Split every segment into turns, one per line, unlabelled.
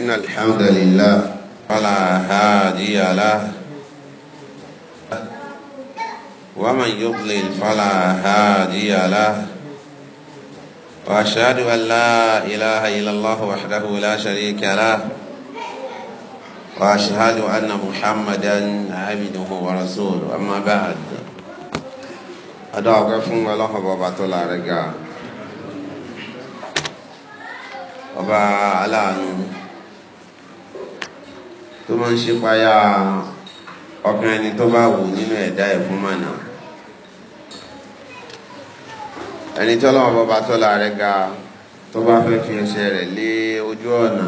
إن الحمد لله فلا هادي له ومن يضلل فلا هادي له وأشهد أن لا إله إلا الله وحده لا شريك له وأشهد أن محمدا عبده ورسوله أما بعد أدعوك فن الله وبعث الله رجاء ọba aláàánú tó máa ń ṣe payá ọkàn ẹni tó bá wù nínú ẹ̀dá ẹ̀ fún mọ̀nà ẹni tí ọlọ́wọ́ bọ́ bá tọ́lá rẹ̀ ga tó bá fẹ́ fi ẹsẹ̀ rẹ̀ lé ojú ọ̀nà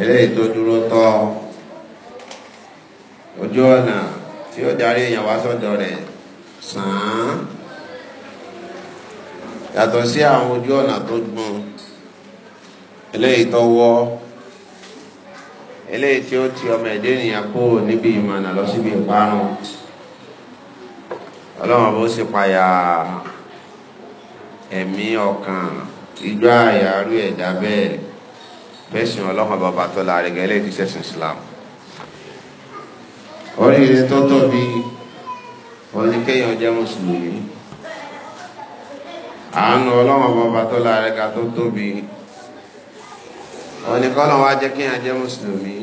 eléyìí tó dúró tọ́ ojú ọ̀nà tí ó darí èèyàn wá sọ́dọ̀ rẹ̀ sàn án yàtọ̀ sí àwọn ojú ọ̀nà tó gbọ́n eléyìí tó wọ́ eléyìí tí ó ti ọmọ ẹ̀dẹ́ ènìyàn kó níbi ìmọ̀nà lọ síbi ìparun ọlọ́run bó sì payà ẹ̀mí ọkàn igbá àyàrú ẹ̀dá bẹ́ẹ̀ bẹ́sìn ọlọ́run bàbá tó la rẹ̀ gẹ́lẹ́ ti sẹ́sìn Islam oríire tó tóbi oníkéyàn jẹ́ mùsùlùmí àánú ọlọ́run bàbá tó la rẹ̀ ga tó tóbi òun ni kọ́lọ̀ wá jẹ́ kí yàn jẹ́ mùsùlùmí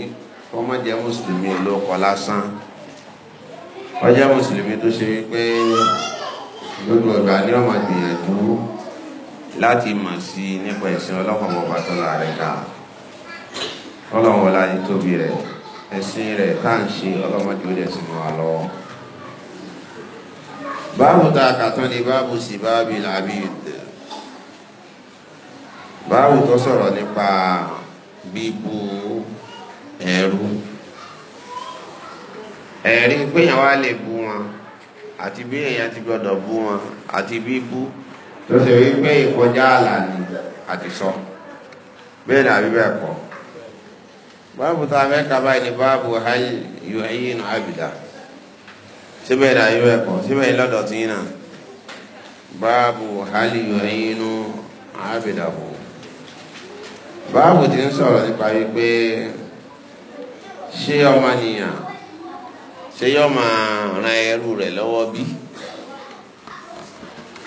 kó má jẹ́ mùsùlùmí olóko lásán wọ́n jẹ́ mùsùlùmí tó ṣe wípé gbogbo ọgbà ní ọmọ gbìyànjú láti mọ̀ sí nípa ẹ̀sìn ọlọ́kọ̀ọ́ bàtọ́ láàrin ká ọlọ́wọ́ láyé tóbi rẹ̀ ẹ̀sìn rẹ̀ tá à ń ṣe ọlọ́mọdé ó dẹ̀ sí mọ́ wa lọ́wọ́ báàbù tá a kà tán ni báàbù sì báàbì làbí báàbù tó sọ̀rọ̀ nípa bíbu ẹrú ẹ̀rí péyàn wá lè bu wọn àti bí èèyàn ti gbọdọ̀ bu wọn àti bíbu tó ṣe wípé ìkọjá àlà ni àti sọ bẹ́ẹ̀ ni àbí bẹ́ẹ̀ kọ́ báàbù tá a fẹ́ kaba ẹni báàbù hali yóò ẹyí inú àbìdá síbẹ̀ ni àbí bẹ́ẹ̀ kọ́ síbẹ̀ ni lọ́dọ̀ tí yín náà báàbù hali yóò ẹyí inú àbìdá fún báàbù ti ń sọ̀rọ̀ nípa wípé ṣé ọmọnìyàn ṣé yọ máa ran ẹrú rẹ̀ lọ́wọ́ bí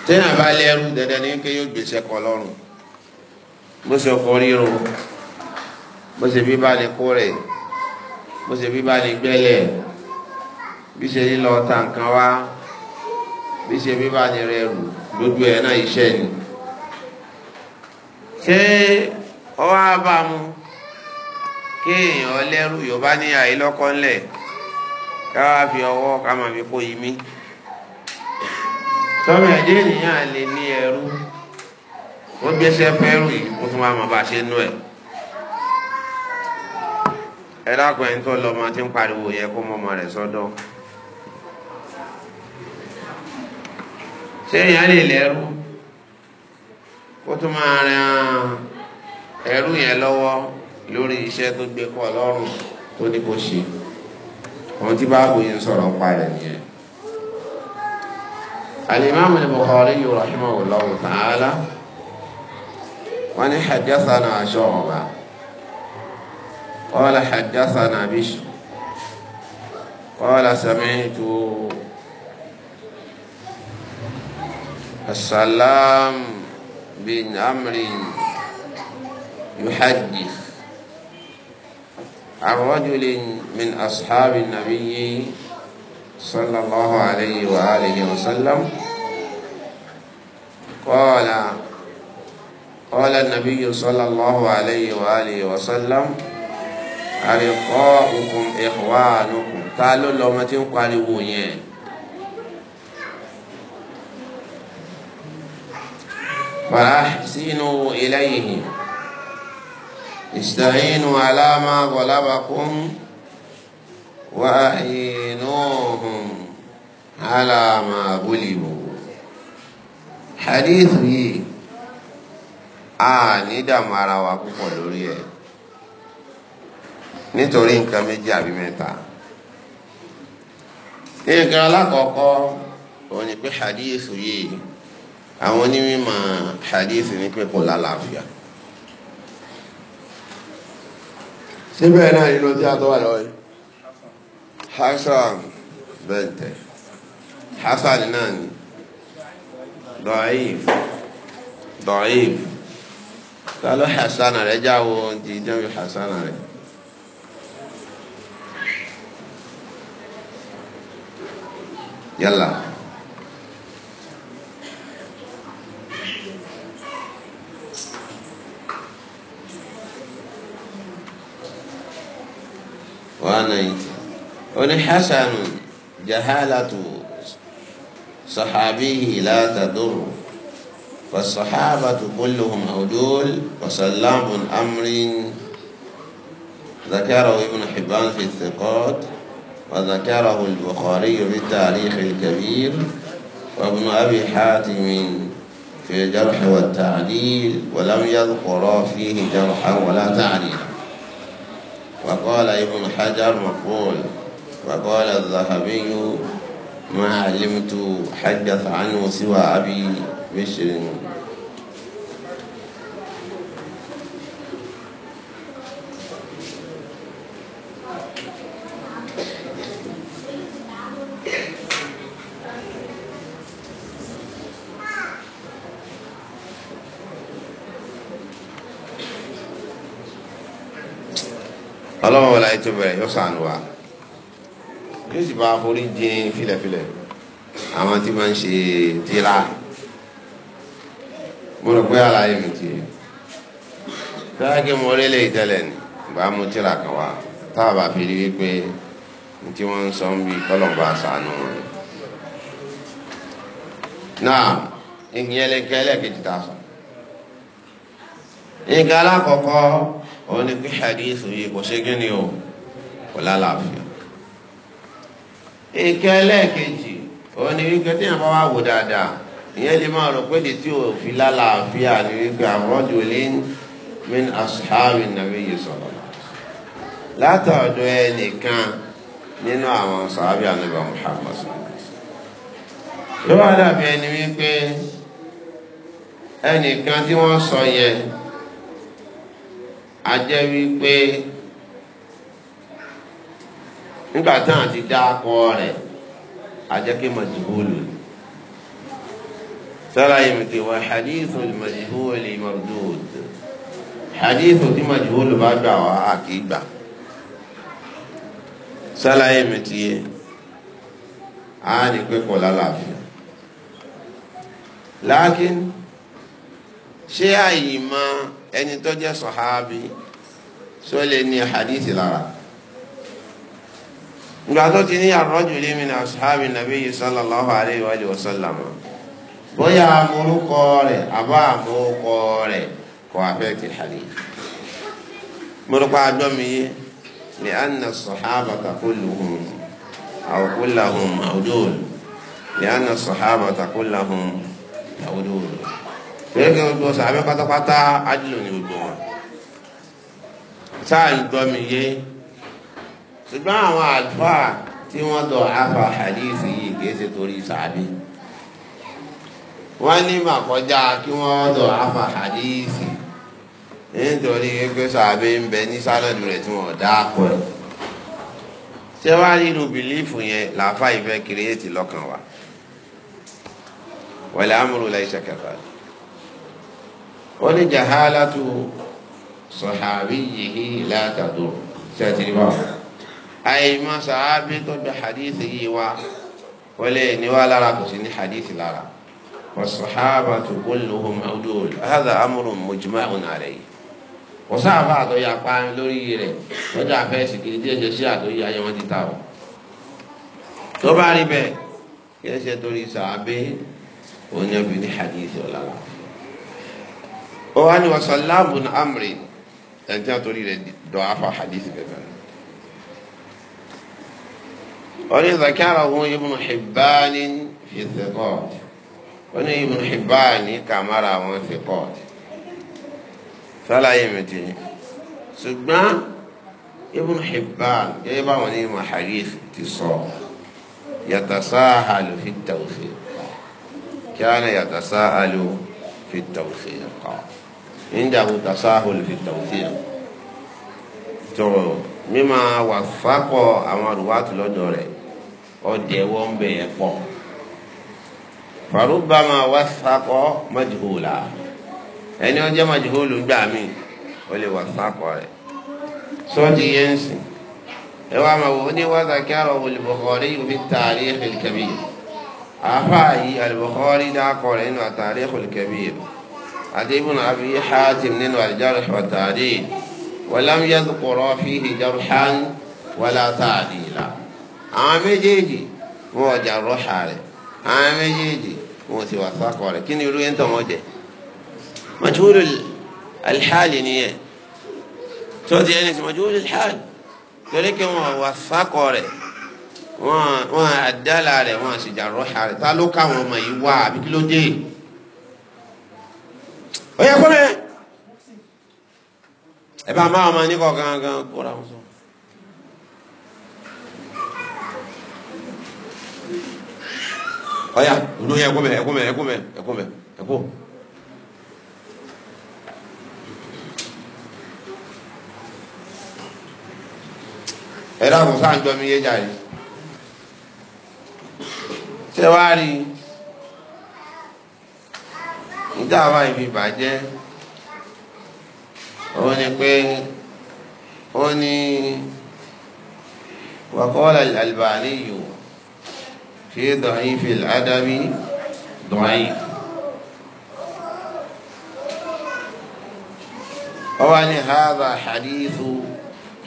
téèyàn bá lẹ́rú dandan ní kéèyàn gbèsè kọ lọ́rùn bó ṣe ọkọ ríro bó ṣe bí bá ní kó rẹ̀ bó ṣe bí bá ní gbẹ́lẹ̀ bí ṣe lílọ ta nǹkan wá bí ṣe bí bá ní rẹ̀ rù lójú ẹ̀ náà iṣẹ́ ni ṣé ọwọ́ abamu kéèyàn lẹ́rù yorùbá ní àìlọ́kọ́ ńlẹ̀ káwá fi ọwọ́ ká máa fi kó imí tọ́mọ ẹ̀dẹ́ ènìyàn lè ní ẹrú wọ́n gbéṣẹ́ fẹ́rù yìí kó tún wá máa bá ṣe nú ẹ̀ ẹ dákun ẹni tó lọ́mọ tí ń pariwo yẹ kó mọ́mọ rẹ̀ sọ́dọ̀ ṣé èèyàn lè lẹ́rú kó tún máa rìn án ẹrú yẹn lọ́wọ́ lórí iṣẹ́ tó gbé kọ́ lọ́rùn tó ní kó ṣe ohun tí báàbò yẹn sọ̀rọ̀ ń parẹ̀ nìyẹn. الإمام البخاري رحمه الله تعالى وأن حدثنا شعبة قال حدثنا بشر قال سمعت السلام بن عمرو يحدث عن رجل من أصحاب النبي صلى الله عليه وآله وسلم قال قال النبي صلى الله عليه وآله وسلم أرقاؤكم إخوانكم قالوا لهم تنقلبون فأحسنوا إليهم استعينوا على ما غلبكم وأعينوهم على ما غلبوا حديث yìí a ní dààmú ara wa púpọ̀ lórí ẹ̀ nítorí nǹkan méjì àbí mẹ́ta nǹkan alákọ̀ọ́kọ́ òun ni pé hadith yìí àwọn onímọ̀ hadith ni pé kò lálàáfíà. La níbẹ̀ náà nínú tí a tọ́ wà lọ́wọ́ yìí hasan bẹ́ẹ̀ tẹ̀ hasan náà ni da'if da'if ta ló hasan rẹ̀ jáwọ́ jíjẹ́ bí hasan rẹ̀. وانا حسن جهالة صحابيه لا تضر فالصحابة كلهم عدول وسلام أمر ذكره ابن حبان في الثقات وذكره البخاري في التاريخ الكبير وابن أبي حاتم في الجرح والتعديل ولم يذكر فيه جرحا ولا تعديلا وقال ابن حجر مقبول وقال الذهبي ما علمت حدث عنه سوى أبي بشر ọlọ́wọ́ wọlé ayé tó yóò sànù wa yóò sì bá forí jìn filẹ̀filẹ̀ àwọn tí wọ́n ń ṣe tíra mo rò pé àlàyé mi ti sáàkì mo rí lè tẹ́lẹ̀ ní tíra kan wá sọ ń bí sànù wọn. náà ìyẹn lè kẹ́ ẹlẹ́kejì ta òun ni pé hadith yìí kò ṣe kí ni o kò lálàáfíà. ìkẹ́ ẹlẹ́ẹ̀kejì òun ni wípé tí yàrá wà wò dáadáa ìyẹn lè máa rò pé di tí ò fi lálàáfíà ni wípé àwọn jòlè min asuhabi nabiyyi sallallahu alaihi wasallam látọ̀dọ̀ ẹnìkan nínú àwọn sàábì ànábì Muhammad sallallahu alaihi wá dàbí ẹni wípé ẹnìkan tí wọ́n sọ yẹn a jẹ́ wípé nígbà táwọn ti dá akọ rẹ̀ a jẹ́ kí majhul sára ìmìtì wà hadithu majhul mardud hadithu tí majhul bá gbà wá àkìgbà sára ìmìtì yẹn ní pé lálàáfíà lákín ṣé àyè máa ẹni tó jẹ́ sọ̀hábì só lè ní hadithi lára ìgbà tó ti ní ar-rajuli min ashabi nabiyyi sallallahu alayhi wa sallam bóyá amúrúkọ rẹ̀ àbá àmúrúkọ rẹ̀ kò affect hadith múrúkọ àjọmi yé ní anna as-sahabata kulluhum aw kullahum mawdud ní anna as-sahabata kulluhum mawdud kéèké gbogbo sàbẹ pátápátá ajílò ní gbogbo wọn sáà ń gbọ́ mi yé ṣùgbọ́n àwọn àlùfáà tí wọ́n dọ̀ afa hadith yìí kìí ṣe torí sàbí wọ́n ní màkọjá kí wọ́n dọ̀ afa hadith nítorí pé sàbí ń bẹ ní sálọ̀dù rẹ̀ tí wọ́n dá pọ̀ ẹ̀ ṣé wàá nínú bìlífù yẹn làáfà ìfẹ́ kìrìyètì lọ́kàn wa wal amru laysa kadhalik ó ní jahalatu sọ̀hábí yìí látàdó ṣẹ́tìrìbá àìmọ́ sàábí tó gba hadith yìí wá ó lè níwá lára kò sí ní hadith lára والصحابة كلهم عدول هذا أمر مجمع عليه وصحابة يا قام لوري رẹ̀ وجا فيس كي دي جي سي ادو يا يوم دي تاو tó bá rí bẹ́ẹ̀ kí ẹ ṣe torí sàábé oníyàn bí ní hadith ọ̀la ó wá ní wàsó aláàbùn amri ẹni tí wọn torí rẹ̀ dọ̀ afa hadithi bẹ́ẹ̀ bẹ́ẹ̀ wọ́n zakara hun ibùn xibaani fi sèkọ́ọ̀tì wọ́n ní ibùn xibaani kàmára àwọn sèkọ́ọ̀tì sálàyé mi ti ṣùgbọ́n ibùn xibaani yẹ́n bá wọn ní ìmọ̀ hadith ti sọ yàtàsáhàlù fi tawfiq kí á ní yàtàsáhàlù fi tawfiq kọ́. عنده تساهل في التوثيق tó مما wàfákọ àwọn àrùwátì lọ́dọ̀ rẹ̀ ọdẹ فربما bẹ مجهولا. pọ farubama wàfákọ majhula ẹni ọjọ majhulu gbà mí ó lè wàfákọ rẹ̀ sọdí yẹn sìn ẹ wá máa wò ó ní wàdà kẹrọ olùbọkọrí fi tààrí ìkẹbí àfáà yìí rẹ̀ nínú àtàrí ìkẹbí rẹ̀ àti ibùn àbí haatim nínú àlìjáre ṣọ̀tàdé wàlám yẹ́dù kọ̀rọ̀ fi hijaru hàn wàlá tààdìlà àwọn méjèèjì wọn ọjà rọ́ṣà rẹ̀ àwọn méjèèjì wọn sì wà sákọ̀ rẹ̀ kí ni irú yẹn tán wọ́n jẹ majhulu alhali nìyẹn tó ti ẹni sí majhulu alhali torí kí wọn wà sákọ̀ rẹ̀ wọn àdálà rẹ̀ wọn sì jà rọ́ṣà rẹ̀ tá ló káwọn ọmọ yìí wá àbí kí ló dé yìí ó yẹ kúrẹ́ ẹ bá máa ma níkọ̀ gangan kóra wọn sọ. ó yá olú yẹ ẹkú mẹ ẹkú mẹ ẹkú mẹ ẹkú mẹ ẹkú. ẹ dákun sáà ń jọ mi yé jáde ṣé wàá rí i. ìdáwà ibi ìbàjẹ́ ó ní pé ó ní wàkọ́lá Albani yìí fi da'if al-adabi da'if ó wá ní hadha hadithu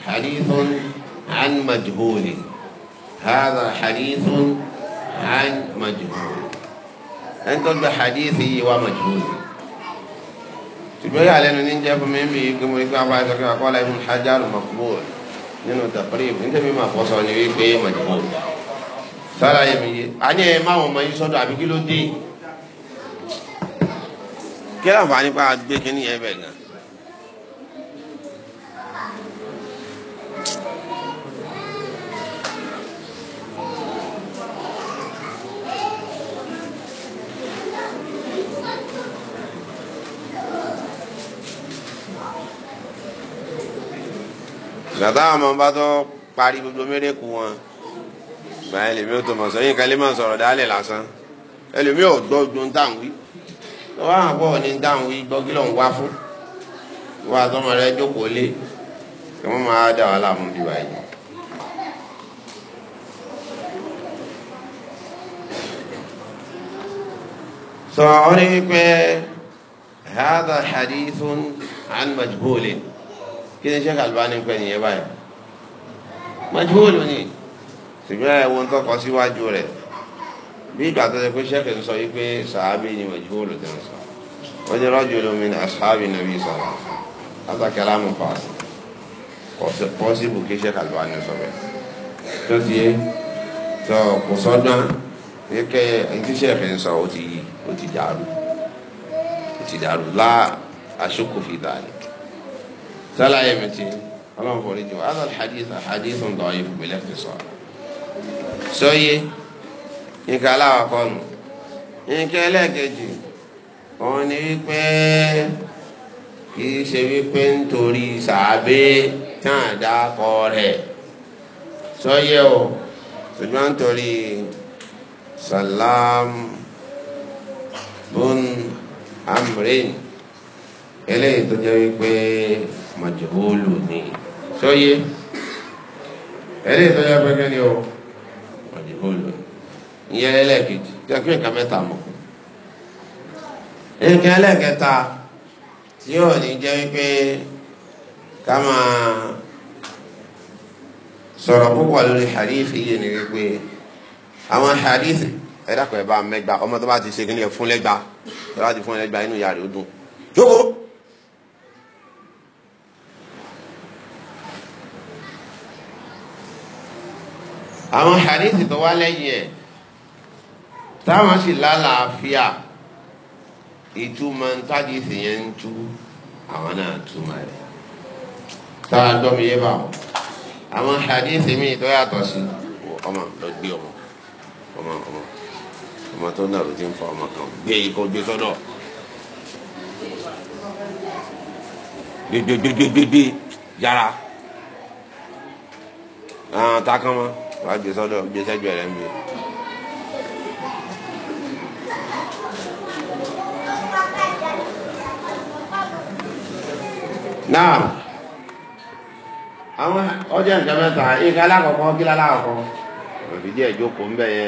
hadithun an majhulin hadha hadithun an majhulin ẹni tó gba hadith yìí wà majhul ṣùgbọ́n yà lẹ́nu ní jẹ́ fún mi bí kí mo gbé apá ìsọ̀kí wa qala Ibn Hajar maqbul nínú taqrib ní tẹ́mi máa fọ́sọ̀ ni wípé majhul sára yẹmi yé àní ẹ̀ máa wọ̀n mọ yín sọ́dọ̀ àbí kí ló dé kí láǹfààní pa àgbékiní yẹn bẹ̀ gan gbàtà àwọn ọmọ bá tó parí gbogbo mérekù wọn gbà ẹlòmíì tó mọ̀ sọ yín kan lè mọ̀ sọ̀rọ̀ dálẹ̀ lásán ẹlòmíì ò gbọ́ gbọ́n táwọn wí lọ́wọ́ àpọ̀ ní táwọn wí gbọ́ kí ló ń wá fún wọ́n àtọ́mọ rẹ jókòó lé kí wọ́n máa dà wàhálà mú bí wáyé. sọ ọ́ ní pé hadha hadithun an majhulin kí ni Sheikh Albani pẹ́ nìyẹn báyìí majhul ni ṣùgbọ́n ẹ̀ wo ń tọkọ síwájú rẹ̀ bí ìgbà tó ṣe pé Sheikh ń sọ yìí pé sàábì ni majhul ti ń sọ wọ́n ní rajulun min ashabi nabi sallallahu látàkì aláàmú paasi pọ́sibù kí Sheikh Albani sọ bẹ́ẹ̀ tó ti yé tó kò sọ́dún kẹ́kẹ́ ẹ̀ńtí Sheikh ń sọ ó ti yí ó ti dàrú ó ti dàrú la ashukku fi sálàyé mi ti ọlọ́run kò rí jù adal hadith hadith ń dọ̀ yìí fúnmi lẹ́fẹ̀ẹ́ sọ. sọyé nǹkan aláwọ̀kọ́ nù nǹkan ẹlẹ́ẹ̀kejì òun ni wípé kì í ṣe wípé nítorí sàábé náà dákọ rẹ̀ sọyé o ṣùgbọ́n nítorí salam bun amrin eléyìí tó jẹ́ wípé mọ̀jẹ̀wólù ni sọ́yé ẹ̀rí ìsọ́yá pẹ́kẹ́ ni o mọ̀jẹ̀wólù ìyẹn ẹlẹ́ẹ̀kejì tí a kí nǹkan mẹ́ta mọ̀ nǹkan ẹlẹ́ẹ̀kẹta tí yóò ní jẹ́ wípé ká máa sọ̀rọ̀ púpọ̀ lórí hadithi yìí ni wípé àwọn hadithi ẹ̀dá kan ẹ̀ bá mẹ́gbàá ọmọ tó bá ti ṣe kí ni ẹ̀ fún lẹ́gbàá tó bá ti fún lẹ́gbàá inú ìyá ó dùn jókòó. àwọn hadithi tó wá lẹ́yìn ẹ̀ táwọn sì lálàáfíà ìtumọ̀ ntádìsí yẹn ń tú àwọn náà túmọ̀ rẹ̀ táwa gbọ́ mi yé báwọn àwọn hadithi míì tó yàtọ̀ sí ọmọ lọ gbé ọmọ ọmọ ọmọ ọmọ tó náà ló ti ń fa ọmọ kan gbé ikọ gbé sọ́dọ̀ gbégbégbégbégbé yàrá àwọn takan mọ. naa gbé sọ́dọ̀ gbé sẹ́gbẹ̀ẹ́ rẹ̀ ń gbé. náà àwọn ọjọ́ nǹkan mẹ́ta ìka alákọ̀ọ́kọ́ kí lálákọ̀ọ́kọ́ òbí díẹ̀ jókòó ń bẹ̀ ẹ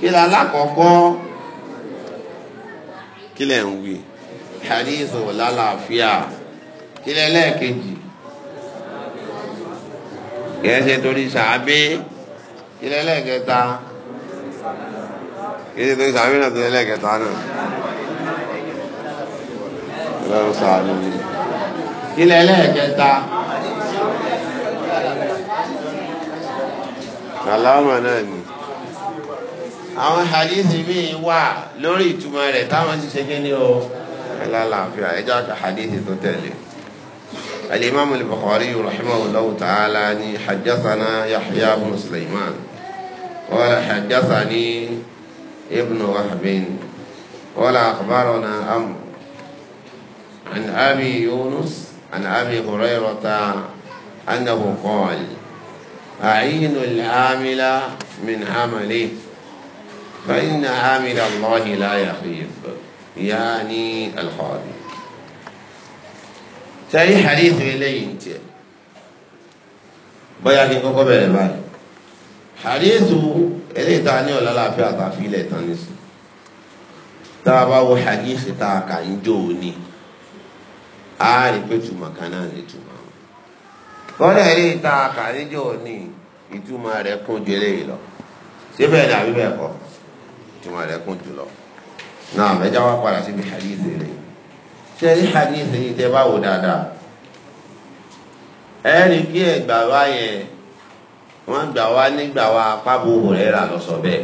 kí la lákọ̀ọ́kọ́ kí lẹ̀ ń wí hadithu lálàáfíà kí lẹ̀ lẹ́ẹ̀kejì kìí ṣe torí sàábé kí lẹ̀ lẹ́ẹ̀kẹta kìí ṣe torí sàábé náà torí lẹ́ẹ̀kẹta náà lọ́rùn sàánú mi kí lẹ̀ lẹ́ẹ̀kẹta. Sàlámà náà ni àwọn hadithi míì wà lórí ìtumọ̀ rẹ̀ táwọn ti ṣe kíni o alálàáfíà ẹjọ́ àti hadithi tó tẹ̀lé alimami al-bukhari rahimahullahu ta'ala ni hajjasana yahya bin sulaiman wala hajjasani ibnu wahabin wala akhbarana amr an abi yunus an abi hurairata annahu qala a'inu al-amila min amalihi فإن عامل الله لا يخيب يعني القاضي تاريخ حديث إليه انت بيعني كوكب البال حديث إليه تاني ولا لا في أطافيل تانيس تابعوا حديث تاكا جوني ààrẹ pé túmọ̀ kan náà ní túmọ̀ wọn. bọ́lá ilé ìta àkàríjọ ní ìtumọ̀ rẹ̀ kún ìtumọ̀ rẹ̀ kún jùlọ náà wò kí ẹ gbà wá yẹn gbà wá nígbà wá ni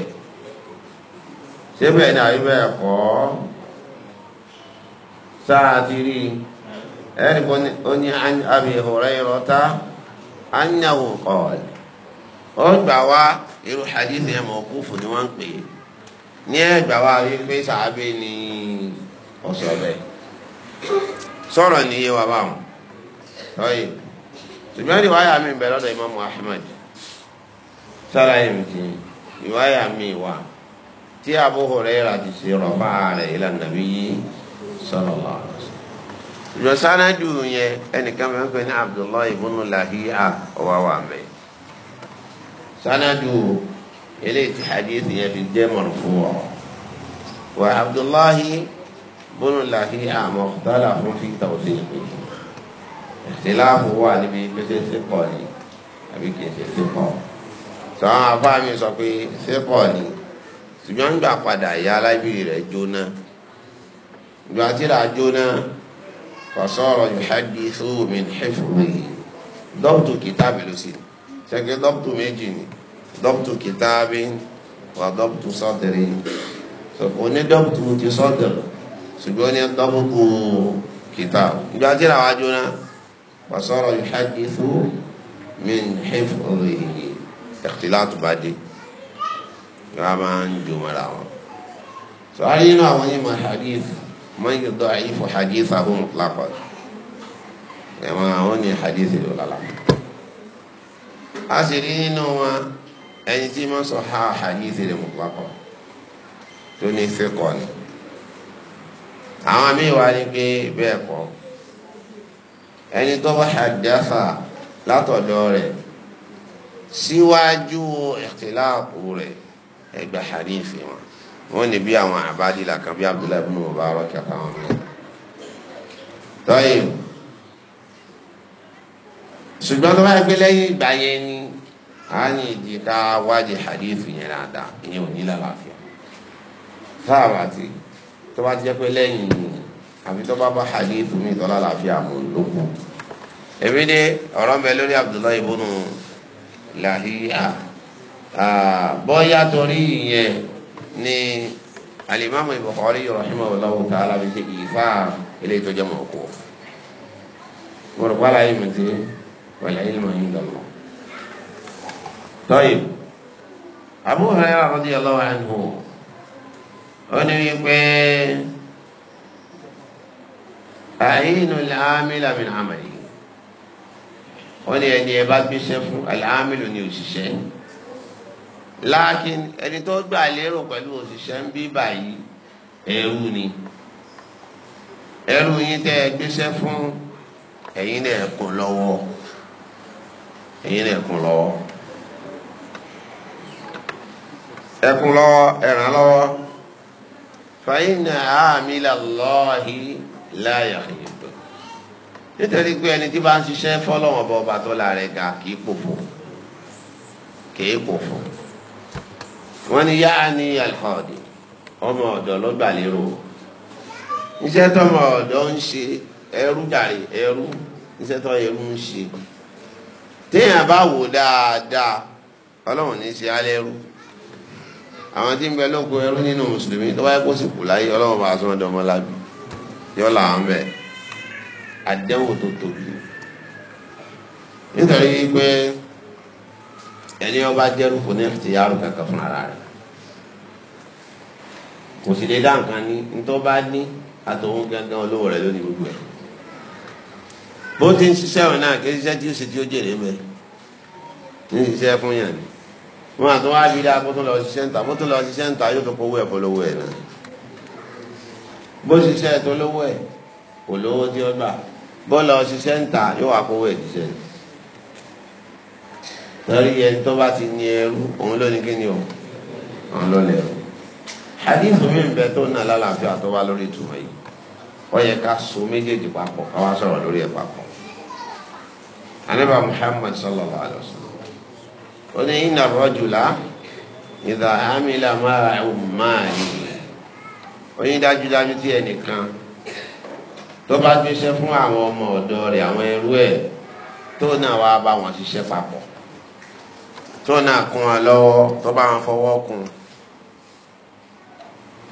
àbí bẹ́ẹ̀ kọ́ sáà ti rí i ẹni kò ní Abi Hurayrata annahu qala ó gbà wá irú mọ̀ ni wọ́n ń pè é. ní ẹgbà wa rí pé sàábé ni ọsọ bẹ́ẹ̀ sọ̀rọ̀ ní iye wa báwọn lọyẹ ṣùgbọ́n ní mi bẹ lọ́dọ̀ Imam Ahmad sára yìí ti ìwáyà mi wà tí Abu Hurairah ti ṣe rọ̀bà rẹ̀ ila Nabiyyi sallallahu alaihi wasallam ṣùgbọ́n sánádù yẹn ẹnìkan mẹ́rin pé ní Abdullahi ibn Lahi'a ọwọ́ wa mẹ́ sánádù eléyìí tí hadith yẹn fi jẹ́ marfu' wa abdullahi bùnú làhí àmọ́ tálà fún fi tawsiqi ìtìláàfù wà níbi pèsè sípọ̀ ni àbí kìí ṣe sípọ̀ sọ àwọn afá mi sọ pé sípọ̀ ni ṣùgbọ́n ń gbà padà ìyá alábìrì rẹ̀ jóná ìgbà tí ra jóná fasọ́rọ̀ yuhaddithu min hifdhihi dọ́pùtù kìtàbí ló sì ṣẹ́gi dọ́pùtù méjì ni dọ́pùtù kìtàbí wà dọ́pùtù sọ́dẹ̀rì oní dọ́pùtù ti sọ́dẹ̀rì ṣùgbọ́n ní dọ́pùtù kìtàbí ìgbà tí ra wájú náà wà sọ̀rọ̀ yuhadithu min hifdhihi ikhtilatu bá dé yóò máa ń jùmọ̀ra wọn sọ́rí inú àwọn yìí máa hadith man yudha'ifu hadithahu mutlaqan ẹ̀wọ̀n àwọn ní hadith ìlú lálàpọ̀ a sì rí nínú wọn ẹni tí ma sọ ha hadith rẹ̀ mutlaqan tó ní fíkọ ni àwọn míì wá ní pé bẹ́ẹ̀ kọ́ ẹni tó bá haddatha látọ̀dọ̀ rẹ̀ síwájú ìkìláàpù rẹ̀ ẹgbẹ́ hadith wọn wọn ní bí àwọn àbádìlà kan bí Abdullahi ibn Mubarak kẹta wọn tọ́yìn ṣùgbọ́n tó bá gbé lẹ́yìn ìgbà yẹn ni á ní ìdí ká wájú hadith yẹn dáadáa ìyẹn ò ní lálàáfíà sáàbà tí tó bá ti jẹ́ pé lẹ́yìn yìí àfi tó bá bá hadith mi tó lálàáfíà mò ń lókù èmi dé ọ̀rọ̀ mi lórí Abdullahi ibn Lahiya ah, bọ́yá torí ìyẹn ni alimami Bukhari rahimahullahu ta'ala fi ṣe ìfà ilé ìtọ́jọ́ mọ̀ kú mo rò pàlàyé mi ti wal ilmu inda Allah tọ́yì Abu Hurairah radiyallahu anhu ó ní wípé àìyínú làámìlà min amali ó ní ẹni ẹ bá gbéṣẹ́ fún àlàámìlù ní òṣìṣẹ́ láàkín ẹni tó gbà lérò pẹ̀lú òṣìṣẹ́ ń bí báyìí ẹrú ni ẹrú yín tẹ́ ẹ gbéṣẹ́ fún ẹ̀yin náà kún lọ́wọ́ ẹ̀yin náà kún lọ́wọ́. ẹkún lọ́wọ́ ẹ̀ràn lọ́wọ́ fàyínà àmìlà lọ́ọ̀hí láyà ìbò nítorí pé ẹni tí bá ń ṣiṣẹ́ fọ́lọ́wọ́n bá ọba tó láàrẹ̀ ga kì í pòfò kì í pòfò wọ́n ní yáa ní alikọ́ọ̀dì ọmọ ọ̀dọ́ ló gbà lérò iṣẹ́ tọmọ ọ̀dọ́ ń ṣe ẹrú jàre ẹrú iṣẹ́ tọ́ ẹrú ń ṣe téèyàn bá wò dáadáa ọlọ́run ní í ṣe alẹ́rú àwọn tí ń bẹ lóko ẹrú nínú mùsùlùmí tó bá yẹ kó sì kù láyé ọlọ́run bá aṣọ ọdọ ọmọlábí yọ làwọn bẹ àdéhùn tó tóbi nítorí pé ẹni ọba jẹrú kò ní ti yàrá kankan fún ara rẹ kò sì lè dá nǹkan ní nítorí bá ní àtòun gangan olówó rẹ lónìí gbogbo ẹ bó ti ń ṣiṣẹ́ ọ̀nà kí ṣiṣẹ́ tí ó ṣe tí ó jèrè mẹ́ ń ṣiṣẹ́ fún yàn ni wọn àti wọn á bí dáa kó tó lọ ṣiṣẹ́ ń ta kó tó lọ ṣiṣẹ́ ń ta yóò tó kówó ẹ̀ fọlọ́wọ́ ẹ̀ náà bó ṣiṣẹ́ ẹ̀ tó lówó ẹ̀ kò lówó tí ó gbà bó lọ ṣiṣẹ́ ń ta yóò wá kówó ẹ̀ ṣiṣẹ́ torí ẹni tó bá ti ní ẹrú òun ló ní kí ni o òun ló lẹ̀ o mi ń bẹ tó ń lálàáfíà tó wá lórí ìtumọ̀ yìí ó yẹ ká so méjèèjì papọ̀ ká sọ̀rọ̀ lórí ẹ̀ papọ̀ anábà Muhammad sallallahu alayhi wa sallam ó ní iná rọ́jùlá ìdá àmìlà máa máa yìí ó ní dájúdájú tí ẹnìkan tó bá gbéṣẹ́ fún àwọn ọmọ ọ̀dọ́ rẹ̀ àwọn ẹrú ẹ̀ tó náà wá bá wọn ṣiṣẹ́ papọ̀ tó náà kún wọn lọ́wọ́ tó bá wọn fọwọ́ kún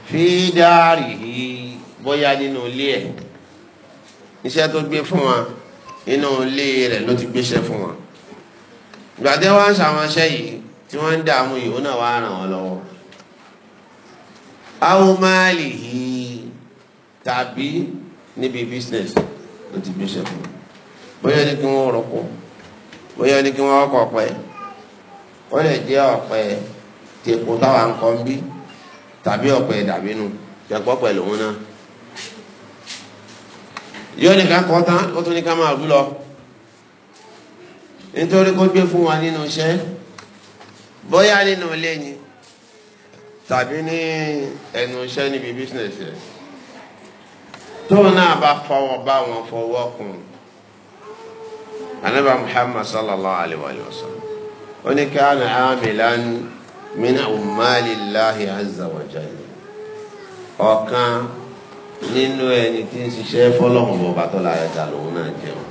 fi dáàrì yìí bóyá nínú ilé ẹ̀ iṣẹ́ tó gbé fún wọn inú ilé rẹ̀ ló ti gbéṣẹ́ fún wọn ìgbà tí wọ́n ń ṣàwọn iṣẹ́ yìí tí wọ́n ń dààmú yìí náà wá ràn wọ́n lọ́wọ́ ahomali yìí tàbí níbi business ló ti bí ṣe fún bóyá ní kí wọ́n rọ̀kọ bóyá ní kí wọ́n kọ̀ pẹ́ ó lè jẹ́ ọ̀pẹ tèpo táwa ń kọ́ ń bí tàbí ọ̀pẹ dàbínú ìjàpọ̀ pẹ̀lú òun náà yóò ní ká kọ́ tán ó tún ní ká máa rú lọ nítorí kó gbé fún wa nínú iṣẹ́ bóyá nínú ilé ni tàbí ní ẹnu iṣẹ́ níbi business yẹn tóun náà bá fọwọ́ bá wọn fọwọ́ kùn anaba muhammad sallallahu alaihi wa sallam ó ní káàna amilan min umalillahi azza wa ọ̀kan nínú ẹni tí ń ṣiṣẹ́ fọlọ́mọ̀bọ̀ bàtọ́ láyé ta lòun náà jẹun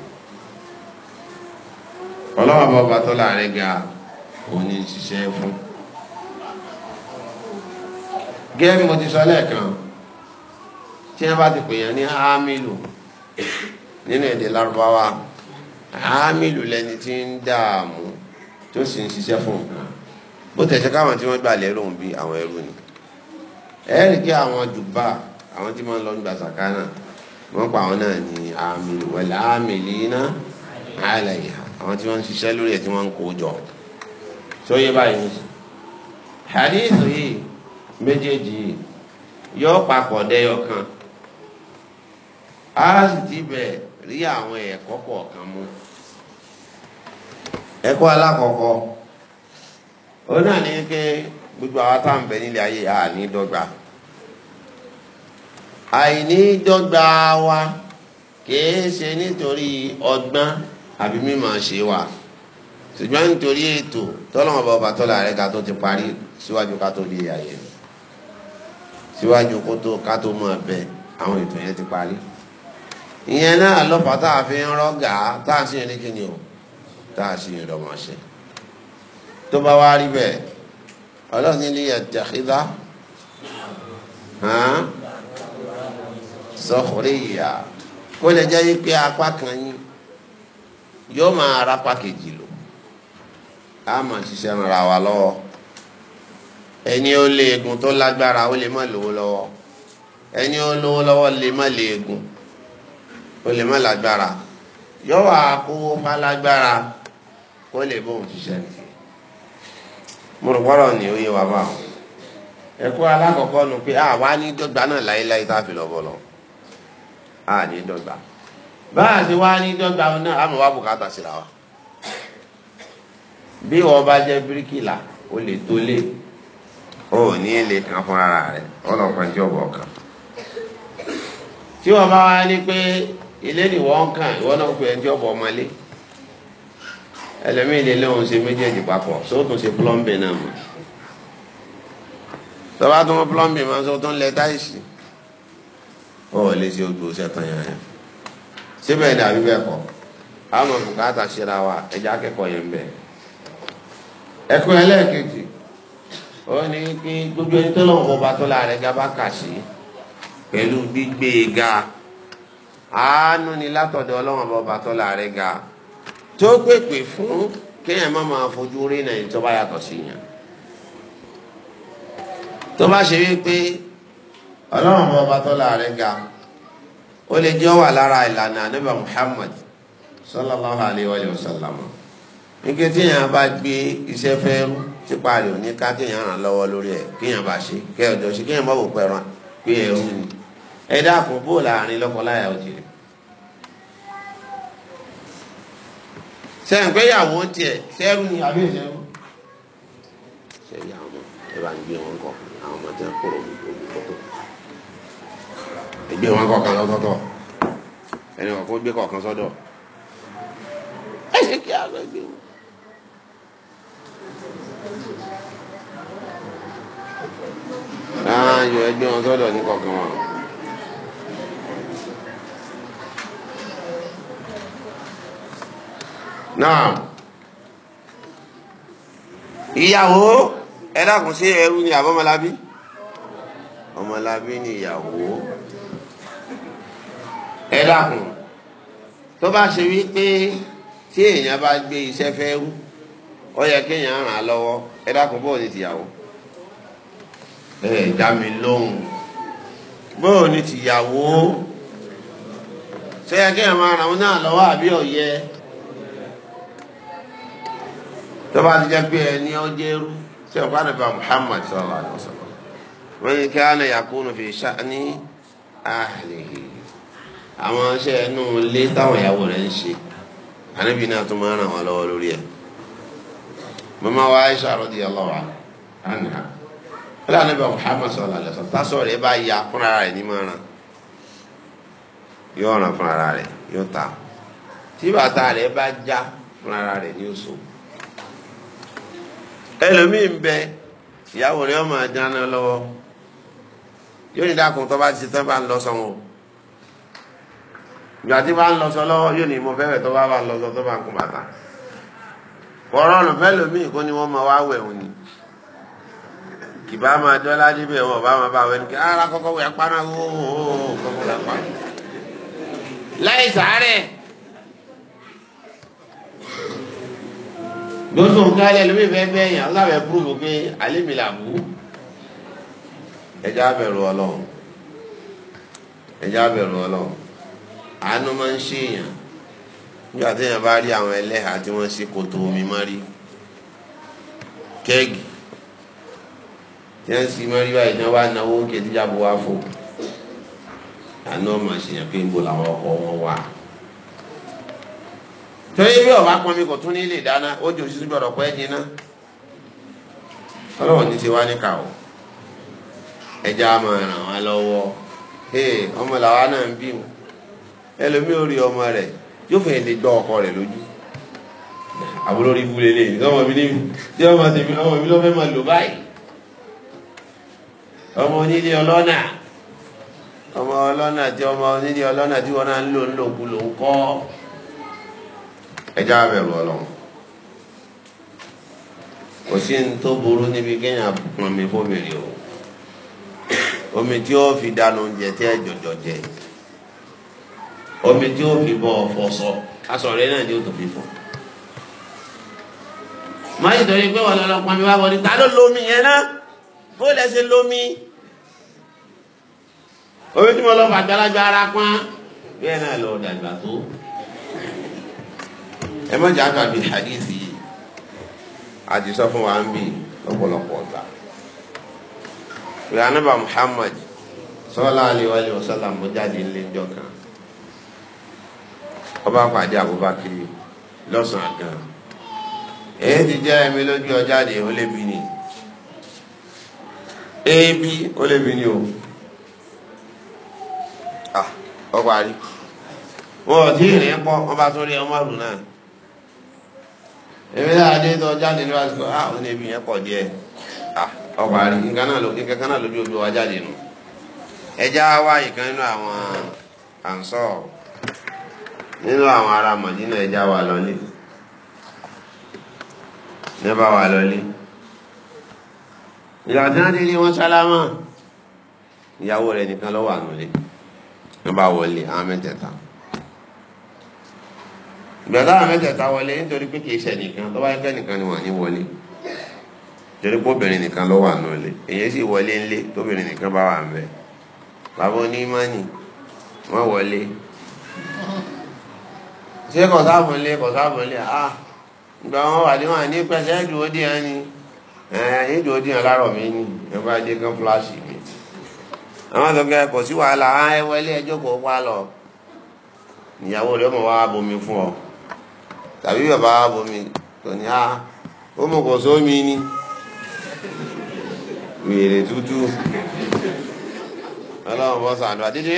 ọlọ́wọ́ bá ọba tó láàrin ga òun ní ṣiṣẹ́ fún gẹ́gẹ́ bí mo ti sọ lẹ́ẹ̀kan tí wọ́n bá ti pè yàn ní ámìlù nínú èdè lárúbáwá ámìlù lẹni tí ń dààmú tó sì ń ṣiṣẹ́ fún un bó tẹ̀sí káwọn tí wọ́n gbà lérò bí àwọn ẹrú ni ẹ̀rí kí àwọn jùbá àwọn tí wọ́n lọ ń sàkánà wọ́n pa àwọn náà ní àmì wal amilina alayha àwọn tí wọ́n ń ṣiṣẹ́ lórí ẹ̀ tí wọ́n ń kó jọ tó yé báyìí hadith yìí méjèèjì yìí yọ papọ̀ dẹ́yọ kan a sì rí àwọn ẹ̀kọ́ kọ̀ọ̀kan mú ẹ̀kọ́ alákọ̀ọ́kọ́ ó náà ní pé gbogbo àwọn tá à ń bẹ ayé a ní dọ́gba àìní dọ́gba wa kìí ṣe nítorí ọgbọ́n àbí mímọ ṣe wà ṣùgbọ́n nítorí ètò tọ́lọ́mọ bá ọba tọ́lá rẹ ká tó ti parí síwájú ká tó di àyè síwájú kó tó ká tó mọ̀ bẹ àwọn ètò yẹn ti parí ìyẹn náà lọ́pàá tá a fi ń rọ́gà tá a sì ń rí kíni o tá a sì ń rọmọ tó bá wá rí bẹ́ẹ̀ ọlọ́ọ̀ni lè yẹ sọkùnrin yìí à kó lè jẹ́ yí pé apá kan yín yóò máa ra pàkejì lò á máa ṣiṣẹ́ ràn ra wa lọ́wọ́ ẹni ó lé egun tó lágbára ó lè má lówó lọ́wọ́ ẹni ó lówó lọ́wọ́ lè má lé egun ó lè má lágbára yóò wá kówó fá lágbára kó lè bóun ṣiṣẹ́ nìyẹn mo ni ó yé wa bá wọn ẹ̀kọ́ alákọ̀ọ́kọ́ nu pé àwa ní dọ́gba náà láéláé tá a fi lọ́ bọ̀ lọ àní dọ́gba bá a ṣe wá ní dọ́gba náà àmọ́ wá bùkátà síra wa bí wọ́n bá jẹ́ bíríkìlà o lè tó lé o ò ní lè kàn fún ara rẹ̀ ọlọ́pàá tí ọ̀bọ̀ kan tí wọ́n bá wá ní pé ilé ni wọ́n kàn ìwọ́n náà pé ẹjọ́ ọ̀bọ̀ ọmọlé ẹlẹ́mìí lè lóun ṣe méjèèjì papọ̀ sóòtún ṣe plọ́mbì náà mọ̀ tọ́ba tó mọ́ plọ́mbì máa ń sọ tó ń lẹ táìsì ó lè ṣe ojú ọ̀sẹ̀ tán yàrá síbẹ̀ ni àbí bẹ́ẹ̀ kọ́ àmọ́ bùkátà ṣera wa ẹja akẹ́kọ̀ọ́ yẹn bẹ́ẹ̀. ẹ̀kọ́ ẹlẹ́ẹ̀kejì ó ní kí gbogbo ẹni tó lọ́wọ́ bá tó láàrẹ̀ ga bá kà sí gbígbé e ga àánú ni látọ̀dọ̀ ọlọ́wọ́n bá tó láàrẹ̀ ga tó pèpè fún kéèyàn má máa fojú rí nàìjíríà tó bá yàtọ̀ sí yàn tó bá ṣe wípé ọlọ́wọ́n bá tó láàrẹ̀ ga ó lè jẹ́ wà lára ìlànà ànábà Muhammad sallallahu alayhi wa sallam nígbà tí èèyàn bá gbé iṣẹ́ fẹ́ rú tipa rẹ̀ ní ká kéèyàn ràn lọ́wọ́ lórí ẹ̀ kéèyàn bá ṣe kẹ́ ọ̀dọ̀ ṣe kéèyàn bá wò pẹ́ ràn pé ẹ̀rú ni ẹ dákun bó láàrin lọ́kọláya ó ti rí. sẹ́yìn pé ìyàwó tiẹ̀ sẹ́rù ni àbí ìṣẹ́rù. sẹ́yìn ẹ bá ń gbé wọn kọ àwọn ọmọ tí kúrò mú gbé wọn kọ̀ọ̀kan lọ́tọ̀ọ̀tọ̀ ẹni wọn gbé kọ̀ọ̀kan sọ́dọ̀ ẹ ṣe kí a lọ gbé wọn. láàyò ah, ẹgbẹ́ wọn sọ́dọ̀ ní kọ̀ọ̀kan wọn. náà ìyàwó ẹ dákun sí ẹrú ni àbọ̀mọlábí ọmọlábí ni ìyàwó. ẹ dákun tó bá ṣe wípé tí èèyàn bá gbé iṣẹ́ fẹ́ rú ó yẹ kéèyàn ràn án lọ́wọ́ ẹ dákun bóò ní tìyàwó ẹ dá mi lóhùn bóò ní tìyàwó ṣé yẹ kéèyàn máa ràn án náà lọ́wọ́ àbí ọ̀yẹ tó bá ti jẹ́ pé ẹni ọjọ́ ẹrú ṣé ọ̀pá nàbà Muhammad sallallahu alaihi wasallam wa in kana fi àwọn iṣẹ́ inú ilé táwọn ìyàwó rẹ̀ ń ṣe ànábì náà tún máa ń ràn wọ́n lọ́wọ́ lórí ẹ̀ mama wa Aisha radiyallahu anha wọ́n lànà bá Muhammad sallallahu alaihi wasallam tásọ̀ rẹ̀ bá ya fúnra rẹ̀ ní máa ràn yóò ràn fúnra rẹ̀ yóò ta tí bàtà rẹ̀ bá já fúnra rẹ̀ ní oṣù ẹlòmíì ń bẹ ìyàwó rẹ̀ ọmọ ẹ̀dá náà lọ́wọ́ yóò ní dákun tó bá ti tán bá ń lọ sọ́wọ́n ìgbà tí bá ń lọ sọ lọ́wọ́ yóò ní mo fẹ́rẹ̀ tó bá bá lọ sọ tó bá ń kún bàtà kọ́rọ́ọ̀nù fẹ́lẹ̀ míì kó ni wọ́n máa wá wẹ̀ òní kìbá máa dọ́lá níbẹ̀ wọn bá máa bá wẹ́nu kí ara kọ́kọ́ wẹ̀ paná kọ́kọ́ la pa láì sàárẹ̀ lóṣù nkálẹ̀ lómi fẹ́ bẹ́ẹ̀ yàn lábẹ́ púrúfù pé àlémi là bú ẹja bẹ̀rù ọlọ́run ẹja bẹ̀rù ọlọ́run. àánú máa ń ṣe èèyàn nígbà téèyàn bá rí àwọn ẹlẹ́hàá tí wọ́n ṣe kòtò omi mọ́ rí kẹ́ẹ̀gì tí wọ́n sì mọ́ rí báyìí tí wọ́n bá náwó oúnjẹ tí jábọ̀ wá fò àánú máa ṣe pé làwọn ọkọ̀ wọn wà. torí bí ọba pọn mi kò tún ní ilé ó jò gbọdọ̀ pẹ́ ọlọ́wọ́n wá ní kàwọ́ ẹja máa ràn wá ẹlòmíì ó rí ọmọ rẹ̀ yóò fẹ́ lè gbọ́ ọkọ rẹ̀ lójú àbúlórí ibú lélẹ̀ ní ọmọ mi níbi tí ọmọ tèmi ọmọ mi ló fẹ́ máa lò báyìí ọmọ onílé ọlọ́nà ọmọ ọlọ́nà tí ọmọ onílé ọlọ́nà tí wọn náà ń lò ń lò kú ló ń kọ́ ẹja bẹ̀rù ọlọ́run kò sí ní tó burú níbi kéèyàn pọnmi fóbìnrin o omi tí ó fi dànù oúnjẹ tí ẹ jọjọ jẹ yìí omi tí ó fi bọ́ ọ̀fọ̀ sọ aṣọ rẹ náà ni ó tó fi fún. máa ń torí pé wọn lọ pọn mi wá wọlé ta ló lomi yẹn náà bó lẹ ṣe lomi. omi tí mo lọ fàgbàlagbà ara pọn bẹ́ẹ̀ náà lọ dàgbà tó. ẹ má jà àgbàgbé hadithi yìí àti sọ fún wa ń bì lọ́pọ̀lọpọ̀ ọ̀gbà. ìlànà bá Muhammad sallallahu alaihi wa sallam mo jáde nílé kan. ọba pàdé àbúbákiri lọ́sàn-án gan èyí ti jẹ́ ẹ̀mí lójú ọjà ni ó lé bi ni ebi ó o ọ ah, parí wọn ò tí ì rìn pọ wọn bá rí ah ó yẹn pọ ọ ah, parí nǹkan náà lójú ẹja nínú àwọn ará mọ̀dínà ẹja wà lọ́lé níbà wà lọ́lé ìgbà tí wọ́n ti rí wọn sálámà ìyàwó rẹ̀ nìkan lọ́wọ́ ànúlé níbà wọlé àwọn mẹ́tẹ̀ẹ̀ta ìgbà táwọn mẹ́tẹ̀ẹ̀ta wọlé nítorí pé kìí ṣe nìkan tó bá yẹ kẹ́ nìkan ni wọ́n ní wọlé torí pé wọlé se kò sáàbò lé kò sáàbò lé à ah, ìgbà wọn wà níwọ̀n ní pẹ̀sẹ̀ ìdúró dì hàn ni ìdúró dì hàn lárọ̀ mi ni ẹ bá dé kán mi. àwọn tó kẹ́ sí wàhálà á ah, ẹ wọlé ẹjọ́ kò wá lọ ìyàwó wá bomi fún ọ tàbí bàbá wá bomi tó ní á ah, ó sómi ni wèrè tútù sàdúrà dídì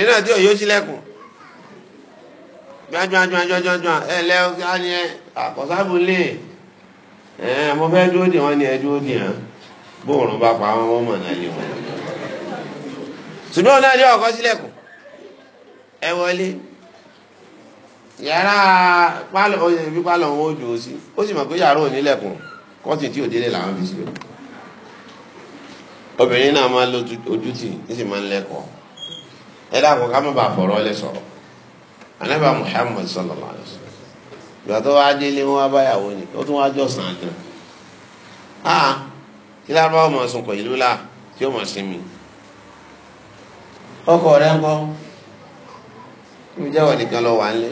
jọjọjọjọjọjọ ẹ lẹ ọgá ni ẹ àkọsábùlé ẹ mo fẹ́ dúró dè wọ́n ni ẹ dúró dè hàn bóòrùn bá pa àwọn ọmọ náà lé wọn. ṣùgbọ́n náà yọ ọkọ sílẹ̀kùn ẹ wọlé yàrá pálọ̀ ọyàn ibi pálọ̀ wọn ó jò ó sí ó sì mọ̀ pé yàrá ò nílẹ̀kùn kọ́tì tí ò délé làwọn fi sílẹ̀. obìnrin náà máa lo ojú tì ní sì máa ń lẹ́kọ̀ọ́ ẹ dákun ká má bàa fọ̀rọ̀ ọ lẹ sọ̀rọ̀ anábà Muhammad sallallahu alayhi wa sallam ìgbà tó wá délé wọn wá báyàwó ni ó tún wá jọ̀sán àgàn áà tí lárúbáwò máa sunkọ ìlú là tí ó máa sinmi ọkọ rẹ ń kọ ìjẹ́ wà nìkan lọ wà ń lé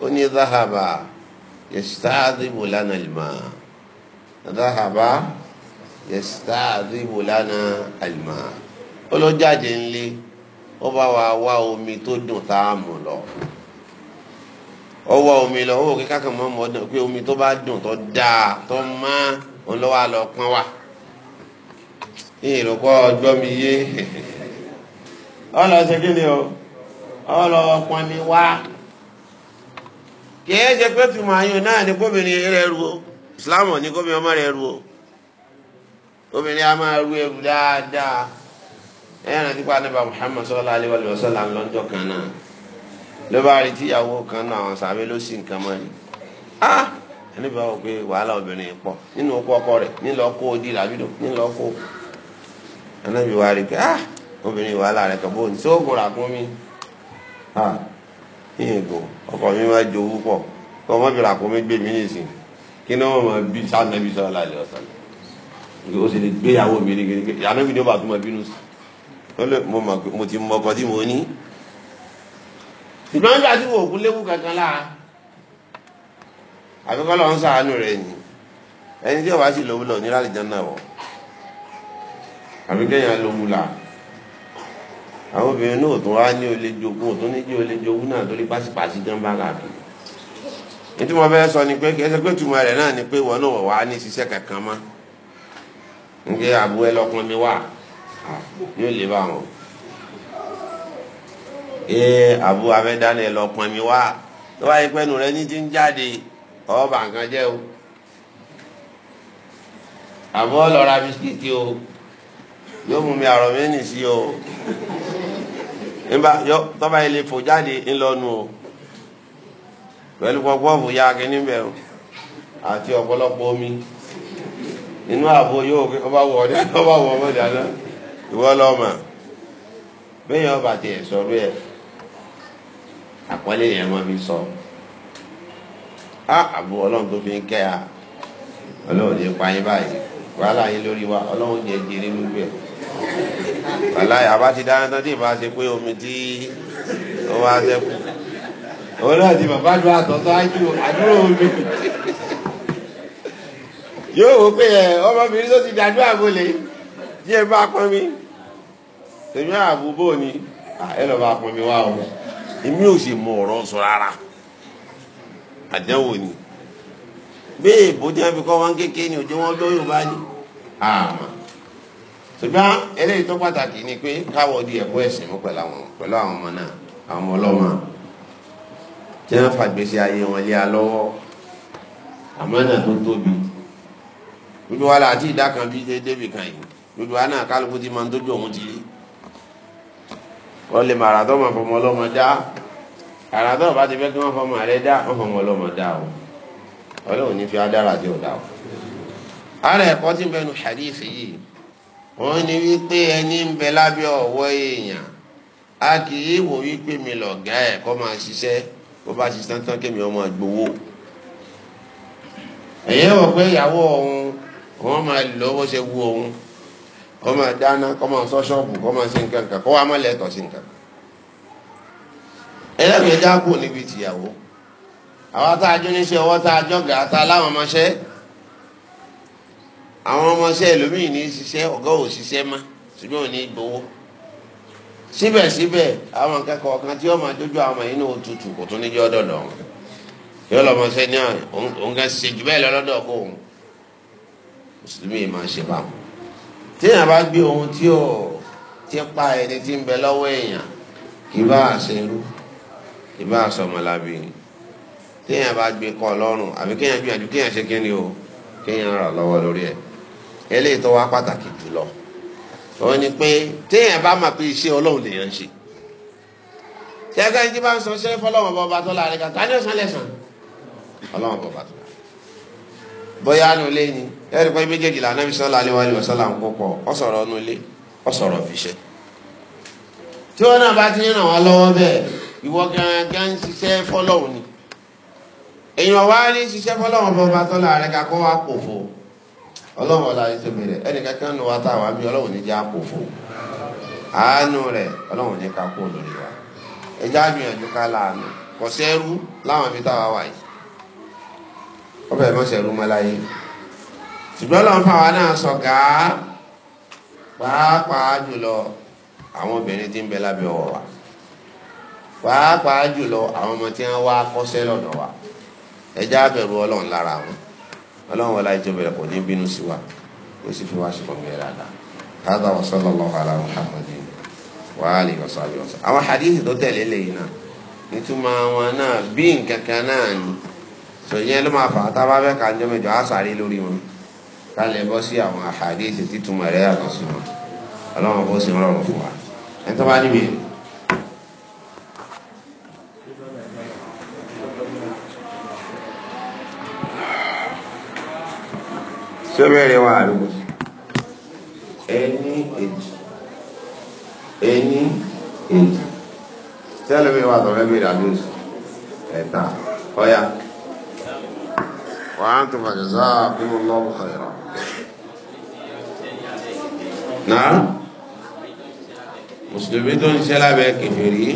ó ní záhàbà yẹsítàdìbò lánàá lìmọ̀ záhàbà yẹsítàdìbò lánàá àlìmọ̀ ó lọ jáde ńlé ó bá wa wá omi tó dùn tá a mú lọ ọwọ́ omi lọ owó kíkà kan mọ́ ọmọdún pé omi tó bá dùn tó dáa tó mọ́ òun lọ́wọ́ àlọ́ pọ́n wà ìrùkọ́ ọjọ́ mi yé ọlọ́ ṣe kí ni o ọlọ́ pọ́n mi wá kì í ṣe pé tùmọ̀ ayọ̀ náà ni gómìnà rẹ̀ ru o Islam ní gómìnà ọmọ rẹ̀ ru o obìnrin a máa ru ẹrù dáadáa ẹ̀yàn àti pa anábà Muhammad sallallahu alaihi wa sallam lọ́jọ́ kan náà ló bá rí tíyàwó kan náà àwọn sàbẹ ló sì nǹkan mọ ni ah ẹni bá wọ pé wàhálà obìnrin pọ̀ nínú okó ọkọ rẹ̀ nílò kó di làbídò nílò kó ẹnàbí wa rí pé ah obìnrin wàhálà rẹ̀ kàn bóun tí ó gùn ràkún mi ah ìyẹn gò ọkọ mi máa jowú pọ̀ kọ ọmọ bí ràkún mi gbé mi nìsín kí ni wọn máa bí sànàbí sọlá lálẹ́ ọsàn o sì lè gbéyàwó mi ní kékeré ànábì ni ó bá tún máa bínú sí mo mọ̀ pé mo ti mọ ọkọ tí mo ní ṣùgbọ́n nígbà tí wò kú léwu kankan lára àfikọ́ lọ ń sàánú rẹ̀ ni ẹni tí ọba sì lówó lọ ní láti jẹun náà wọ̀ àbí kẹ́yìn lówó la àwọn obìnrin náà tó wá ní olè jogún òtún ní jẹ́ olè jogún náà torí pásípàsí jẹun bá káàkiri ètò wọn fẹ́ sọ ni pé kẹsẹ̀ pé tùmọ̀ rẹ̀ náà ni pé wọn náà wà á ní ṣiṣẹ́ kankan mọ́ nígbà àbúrò ẹ mi wà yóò lè bá wọn. ee abu abẹ́dáná ẹ mi wa tó bá pé ti ń jáde ọba nǹkan o àbọ̀ lọ ra o yóò mú mi àrọ̀ sí o nígbà yọ tọ́ba yìí lè fò jáde ńlọnu o ya kínní o àti ọpọlọpọ omi inú yóò kí ọba ọba ọmọdé àná ìwọ àpọ́nlé yẹn máa fi sọ á àbú ọlọ́run tó fi ń kẹ́ ya ọlọ́run ní pa yín báyìí wàhálà yín lórí wa ọlọ́run jẹ jẹrẹ gbogbo ẹ̀ wàhálà yìí àbá ti dáná tán tí ì bá ṣe pé omi tí ó wá ṣẹ́kù òun náà ti bàbá lu àtọ̀tọ̀ àdúrà omi yóò wò pé ẹ ọmọbìnrin tó ti dàdúrà bolè yé bá pọn mi tèmi àbúbò ni ẹ lọ bá pọn mi wá o èmi ò sì mọ ọ̀rọ̀ sọ rárá àdánwò ni bẹ́ẹ̀ bójú wọn fi kọ́ wọn kékeré ni òjò wọn gbọ́ Yorùbá ni àmọ́ ṣùgbọ́n eléyìí tó pàtàkì ni pé káwọ́ di ẹ̀kọ́ ẹ̀sìn mú pẹ̀lú àwọn pẹ̀lú àwọn ọmọ náà àwọn ọmọ ọlọ́mọ tí wọ́n fàgbèsè ayé wọn lé alọ́wọ́ àmọ́ náà tó tóbi gbogbo wa là á ti ìdá kan bí débì kan yìí gbogbo wa náà kálukú ti máa ń tójú òun ti rí wọ́n lè mọ àràdọ́ máa fọmọ ọlọ́mọ dá àràdọ́ bá ti fẹ́ kí wọ́n fọmọ rẹ dá wọ́n fọmọ ọlọ́mọ dá o ọlọ́run ní fi adára dé ọ̀dà o. ara ẹ̀kọ́ tí ń bẹnu hadith yìí wọ́n ní wípé ẹni ń bẹ lábẹ́ ọ̀wọ́ èèyàn a kì í wò wípé mi lọ̀gá ẹ̀ kọ́ máa ṣiṣẹ́ bó bá ṣiṣẹ́ tán kémi ọmọ gbowó. ẹ̀yẹ́ wọ̀ pé ìyàwó òun wọ́n máa lọ́wọ́ ṣe wú òun kọ́ máa dáná kọ́ máa sọ ṣọ́ọ̀bù kọ́ máa ṣe nǹkan kan kọ́ wa má lẹ́tọ̀ sí nǹkan kan. ẹlẹ́gbẹ̀ẹ́dá kù níbi tìyàwó àwa tá a jó níṣẹ́ ọwọ́ tá a jọ́gà tá a láwọn ọmọṣẹ́ àwọn ọmọṣẹ́ ẹlòmíì ní ṣiṣẹ́ ọ̀gá ò ṣiṣẹ́ má ṣùgbọ́n ò ní gbowó síbẹ̀síbẹ̀ àwọn akẹ́kọ̀ọ́ kan tí wọ́n máa dójú àwọn yìí ní òtútù kò tún níjọ́ ọ̀dọ̀ lọ yóò lọ ọmọṣẹ́ ní òun kan ṣe jù bẹ́ẹ̀ lọ́dọ̀ kó òun mùsùlùmí máa ṣe báwọn téèyàn bá gbé ohun tí ò ti pa ẹni tí ń bẹ lọ́wọ́ èèyàn kì bá àṣẹrú kì bá àṣọmọlábì téèyàn bá gbé kọ́ lọ́rùn àbí kéèyàn gbìyànjú kéèyàn ṣe kí ni o kéèyàn rà lọ́wọ́ lórí ẹ̀ eléyìí tó wá pàtàkì jùlọ òun ni pé téèyàn bá mọ̀ pé iṣẹ́ ọlọ́run lèèyàn ṣe tẹ́gẹ́ ní bá ń sọ ṣẹ́ fọlọ́wọ́n bọ́ bá tó láàrin kàtà ní ọ̀sán lẹ́sàn ọlọ́run bọ́ bá tó láàrin. bóyá nu ilé ni ẹ̀rí pé méjèèjì là Ànábì sallallahu alaihi wasallam ń púpọ̀ ọ ọ sọrọ tí wọn náà bá tinye ń ràn bẹ́ẹ̀ gaa gangan ń ṣiṣẹ́ ni èèyàn wá ní ṣiṣẹ́ tọ́lá rẹ wa kankan nu wa bí jẹ́ àánú rẹ lórí wa àgbìyànjú ká wọ́n fẹ́ mọ́sẹ̀ rú mọ́láyé ṣùgbọ́n lọ́n fáwọn náà sọ̀gá pàápàá jùlọ àwọn obìnrin tí ń bẹ lábẹ́ ọ̀rọ̀ wa pàápàá jùlọ àwọn ọmọ tí wọ́n wá kọ́ṣẹ́ lọ́dọ̀ wa ẹja bẹ̀rù ọlọ́run lára wọn ọlọ́run wọlé ìjọba ẹ̀kọ́ ní bínú sí wa ó sì fi wá sí kọ̀ọ̀mù ẹ̀rọ àdá hádà wa sallallahu ala muhammadin wa alihi wa sahbihi àwọn hadith tó tẹ̀lé lẹ́yìn náà nítumọ̀ àwọn náà bí nǹkan kan náà ni sọ yẹn ló máa fà á tábà fẹ́ ká jọ mẹ́jọ á sáré lórí wọn ká lè bọ́ sí àwọn àhàdíìsì títúmọ̀ rẹ̀ yàtọ̀ sí wọn ọlọ́run bó sì ń rọrùn fún wa ẹni tó bá níbi. sọ́bẹ̀rẹ̀ wa àlùkò ẹni èjì ẹni èjì tẹ́lẹ̀ mi wà tọ́lẹ́ mi rà lóṣù ẹ̀ta ọ̀ya. وأنتم فجزاكم الله خيرا نعم mùsùlùmí tó ń ṣe lábẹ́ kẹfìrí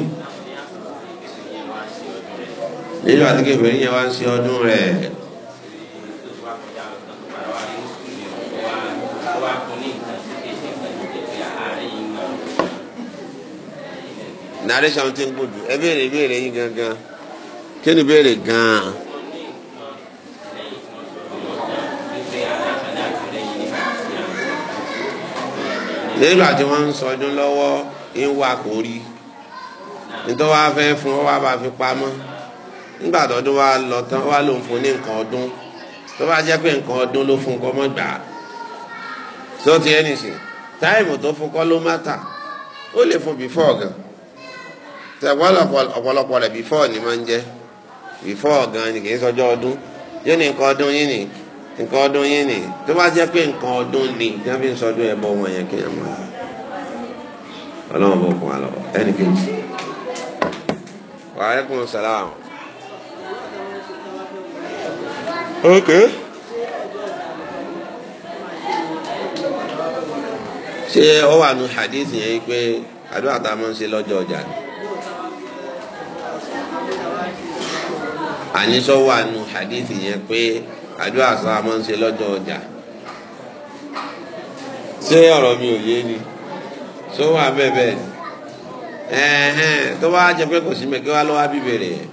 nínú àti kẹfìrí yẹn wá ń ṣe ọdún rẹ̀ nàdéṣà ti ń gbòdù ẹ béèrè ìbéèrè yín gangan kí ni béèrè gan-an. nígbà tí wọ́n ń sọdún lọ́wọ́ ń wà kó rí nítorí wàá fẹ́ fún ọ wàá bá fi pamọ́ nígbà tọdún wa lọ tán wà wàá lòun fún ní nǹkan ọdún tó bá jẹ́ pé nǹkan ọdún ló fún kọ́ mọ́ gbà á tó ti ẹni sìn táìmù tó fún kọ́ ló má tà ó lè fún bífọ́ gan tẹ̀gbọ́n ọ̀pọ̀lọpọ̀ rẹ̀ bífọ́ ni máa ń jẹ́ bífọ́ gan ni kì í sọjọ́ ọdún yóò ní nǹkan ọdún yín nìyí nǹkan ọdún yín ni tó bá jẹ́ pé nǹkan ọdún ni tí wọ́n fi ń sọdún ẹbọ wọn yẹn kéèyàn mọ́ ọlọ́run bó kún wa lọ ẹnì kejì wàhálà kún sàlám. okay. ṣé ó wà nù hadith yẹn pé àdúrà tá a máa ń ṣe lọ́jọ́ ọjà ni. àníṣọ́ wà nù hadith yẹn pé àjọ àṣà máa ń ṣe lọ́jọ́ ọjà ṣé ọ̀rọ̀ mi ò yé ni tó wà bẹ́ẹ̀ bẹ́ẹ̀ ni tó bá jẹ pé kò sí mẹ́kẹ́ wá lọ́wọ́ bíbèrè yẹn.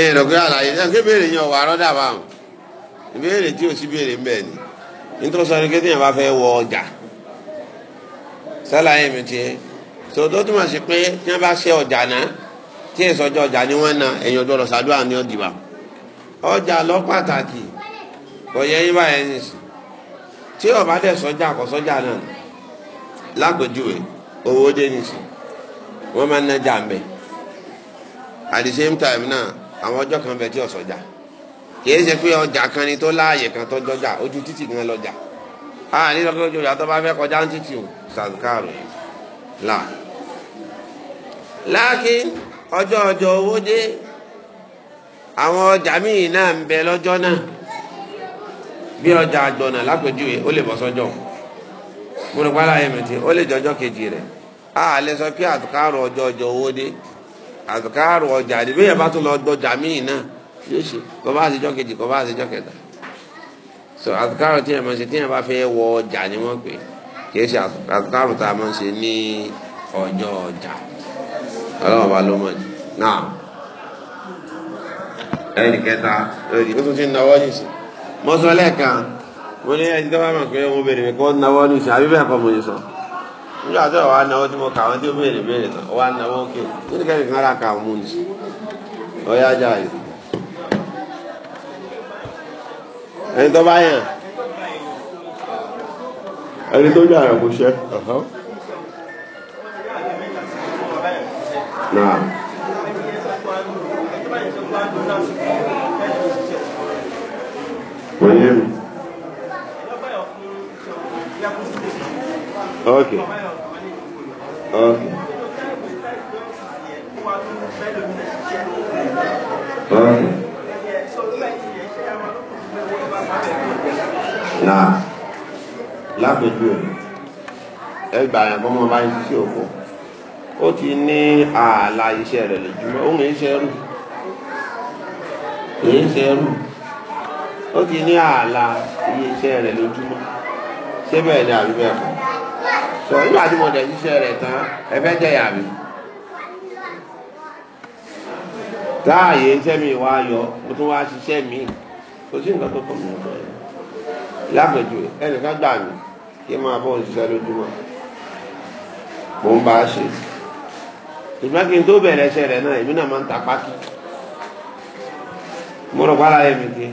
èèrò kí àlàyé náà kí béèrè yẹn ọ̀wà rọ́dà bá wọn ìbéèrè tí ò sí béèrè ń bẹ̀ ni nítorí sọ ni kí téèyàn bá fẹ́ wọ ọjà sálàyé mi tiẹ̀ tòótọ́ tó máa ṣe pé tí wọ́n bá tí èso ọjọ́ ọjà ni wọ́n na ẹ̀yìn ọjọ́ lọ ni ọjà lọ pàtàkì kò yẹ yín báyẹn nìsín tí ọba dẹ̀ sọjà kọ sọjà náà lágbèjúwe owó dé nìsín wọ́n máa ń mbẹ at the same time náà àwọn ọjọ́ kan bẹ tí ò kìí ṣe pé ọjà kan ni tó láàyè kan tó jọjà ojú títì gan lọjà a ojú tó bá kọjá títì o là ọjọ́ ọjọ́ owó dé àwọn ọjà míì náà ń bẹ lọ́jọ́ náà bí ọjà àgbọ̀nà lápèjúwe ó lè bọ́ sọ́jọ́ mo ayé mẹ́tì ó lè jọjọ́ kejì rẹ̀ a lè sọ pé àtùkárò ọjọ́ ọjọ́ owó dé àtùkárò ọjà bí tó lọ míì náà yóò ṣe bá àtijọ́ ni wọ́n pè ọlọ́run ọba ló mọ̀ jù náà ẹnì kẹta lórí ó tún ti náwó nìṣẹ́ mọ́sọ́lẹ̀ kan mo ní ẹni tó bá mọ̀ pé mo béèrè pé kó náwó nìṣẹ́ àbí bẹ́ẹ̀ kọ́ mo yẹ sọ nígbà tó wà náwó tí mo kà wọ́n tí ó béèrè béèrè náà wà náwó kí ó ní kẹ́kẹ́ kan ara kà mú náà. wọ́n yé mi. ok ok. Okay. Náà lápẹjù ẹ gbà yẹn kọ́ mọ́ báyìí sí òkú. ó ti ní ààlà iṣẹ́ rẹ̀ lójúmọ́ òun èyí ṣe ẹrú èyí ṣe ó ti ní ààlà iṣẹ́ rẹ̀ lójúmọ́ ṣé bẹ́ẹ̀ ni àbí bẹ́ẹ̀ kọ́ sọ nígbà tí mo dẹ̀ ṣiṣẹ́ rẹ̀ tán ẹ fẹ́ jẹ́ yàrá táàyè iṣẹ́ mi wá yọ mo tún wá ṣiṣẹ́ mi kò sí nǹkan tó kọ́ mi lọ́dọ̀ yẹn lápẹ̀jù ẹnìkan gbà mí kí n máa bọ́ òṣìṣẹ́ lójúmọ́ ìgbà kí n tó bẹ̀rẹ̀ ẹsẹ̀ rẹ̀ náà èmi náà máa ń ta pákí
mo rọ̀ pàlà yẹn mi
ké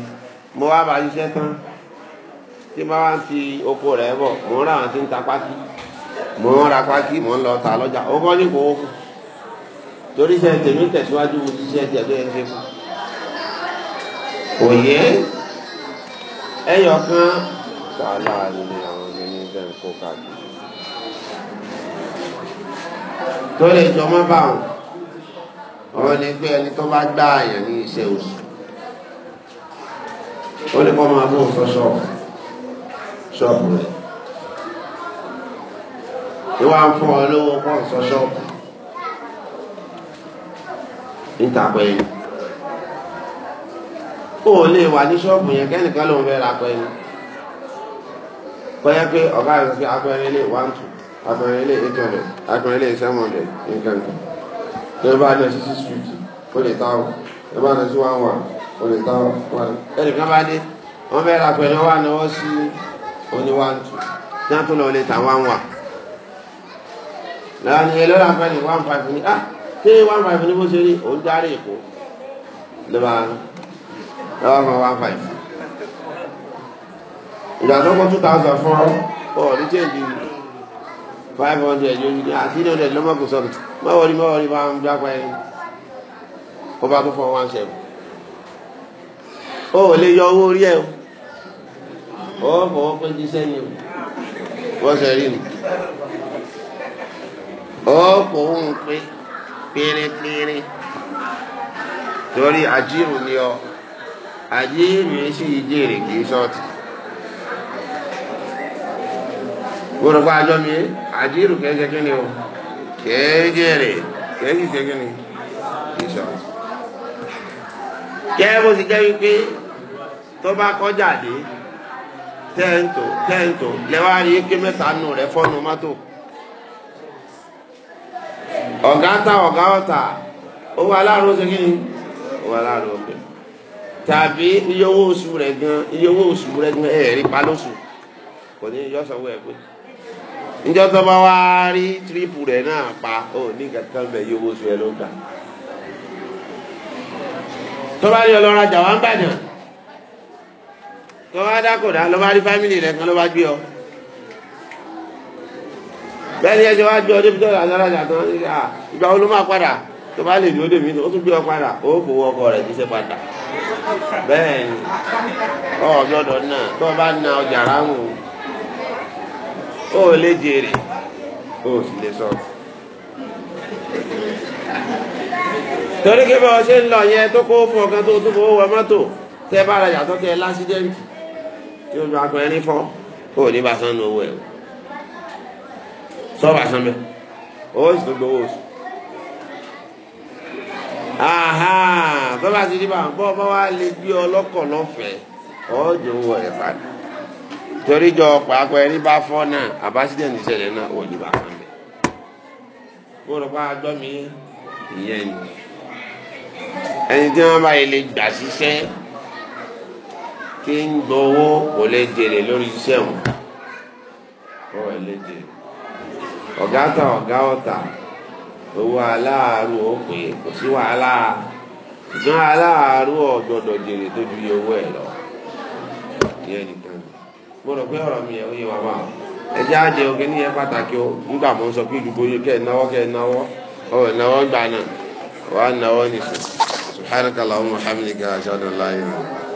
mo wá bá ṣiṣẹ́ tán tí mo wá ń fi oko rẹ̀ bọ̀ mo ń ra àwọn tí ń ta pákí mo ń ra pákí mo ń lọ ta lọ́jà ó kọ́ ní kò ó torí iṣẹ́ tèmi tẹ̀síwájú mo ti ṣiṣẹ́ tiẹ̀ tó yẹ ṣe fún òye ẹyọ kan wàhálà ni àwọn ọmọ mi bẹ́ẹ̀ kó káàkiri tó lè jọmọ́ bá wọn ọ̀rọ̀ ni pé ẹni tó bá gbá àyàn ní iṣẹ́ oṣù ó ní kọ́ máa bó sọ ṣọ́ọ̀bù ṣọ́ọ̀bù rẹ̀ ìwà ń fún ọ lówó kọ́ sọ ṣọ́ọ̀bù nítàpẹ́ yìí ó lè wà ní ṣọ́ọ̀bù yẹn kẹ́nìkan lòún fẹ́ ra pẹ́ yìí kọ́ yẹ pé ọ̀gá rẹ̀ fi apẹ́rẹ́ lé one two akọrin ilé eight hundred akọrin ilé seven hundred nǹkan kan tó bá lọ sí six fifty ó lè táwọ tó bá lọ sí one one ó lè táwọ one ẹnìkan bá dé wọn fẹ́ ra pẹ̀lú wà náwó sí oní one two ní wọn tó ta one one lọ́wọ́ ni ẹlọ́ra pẹ̀lú one five ní ah ṣé one five ní bó ṣe rí òun dárí èkó lọ́wọ́ lọ́wọ́ mọ one five ìgbà tó kọ́ two thousand four. ọ ọ̀ ní change five hundred yóò ní àti ní hundred lọ́mọ kò sọ̀rọ̀ má wọlé má wọlé bá ń gbá pa ẹ̀ ó bá tó fún ọ one seven ó lè yọ owó orí ẹ̀ ó fọwọ́ pé jí sẹ́yìn o wọ́n ṣe rí mi ó fọwọ́ ń pé pérépéré torí àjírù ni ọ àjírù yìí sì jèrè kì í sọ́ọ̀tì. gbọ́dọ̀gbọ́ àjọ mi àjírù kẹ́ẹ̀jẹ́ kí ni o kẹ́ẹ̀jẹ́ rẹ̀ kẹ́ẹ̀jì jẹ́ kí ni ìṣọ́ jẹ́ bó ti jẹ́ wípé tó bá kọjá dé tẹ́ǹtò tẹ́ǹtò lẹ́wà rí ké mẹ́ta nù rẹ̀ fọ́nù mọ́tò ọ̀gá ta ọ̀gá ọ̀tà ó wà láàrú ṣe kí ni ó wà láàrú ọ̀gbẹ́ tàbí iye owó oṣù rẹ̀ gan iye owó oṣù rẹ̀ gan ẹ̀ẹ́rí pa lóṣù kò ní yọ sọ wọ́ ẹ̀ njọ́ tó bá wá rí tírípù rẹ̀ náà pa ó ní kankan bẹ̀ yóò wó su ẹ ló gbà tó bá rí ọlọ́ra jà wá ń bàjàn tó bá dákòdá ló bá rí fámìlì rẹ̀ kan ló bá gbé ọ bẹ́ẹ̀ ni ẹjọ́ wá gbé ọ débi tó rà lọ́ra jà tán ìgbà wo ló máa padà tó bá lè ní ó lè mí ó tún gbé ọ padà ó fowó ọkọ rẹ̀ ti ṣe padà bẹ́ẹ̀ ni náà tó bá na ọjà ráhùn ó lè jèrè ó sì lè sọ torí kí bọ́ ṣe ń lọ yẹn tó kó fún ọkàn tó tó fowó wọ mọ́tò tẹ bá ara yàtọ̀ tẹ lásídẹ́ǹtì tí ó gba akọrin ní fọ́ ó ní bá san owó ẹ̀ sọ́ọ̀bà san bẹ́ẹ̀ owó sì tó gbowó oṣù aha tó bá ti di bá ń bọ́ bá wá lè gbé ọlọ́kọ̀ lọ́fẹ̀ẹ́ ọ̀ọ́dún wọ̀ ẹ̀ padà toríjọ pàápàá ẹni bá fọ́ náà àbásídẹ̀ǹt ìṣẹ̀lẹ̀ náà wọ̀ ní bàkan bẹ̀. mo rò pa àjọ mi ìyẹn ni ẹni tí wọ́n bá yẹ lè gbà síṣẹ́ tí ń gbowó kò lè jèrè lórí iṣẹ́ wọn kò lè jèrè ọ̀gá ta ọ̀gá ọ̀tà owó aláàárù ó pè é kò sí wàhálà ṣùgbọ́n aláàárù ọ̀gbọ́dọ̀ jèrè tó ju iye owó ẹ̀ lọ ìyẹn ni. mo rò pé ọ̀rọ̀ mi yẹ ó yẹ wà máa ẹjẹ́ àjẹ oge ní yẹn pàtàkì o nígbà mo ń sọ pé ìdúgbò yìí kẹ́ ẹ̀ náwó kẹ́ ẹ̀ náwó ọ̀ ẹ̀ gbà náà wà á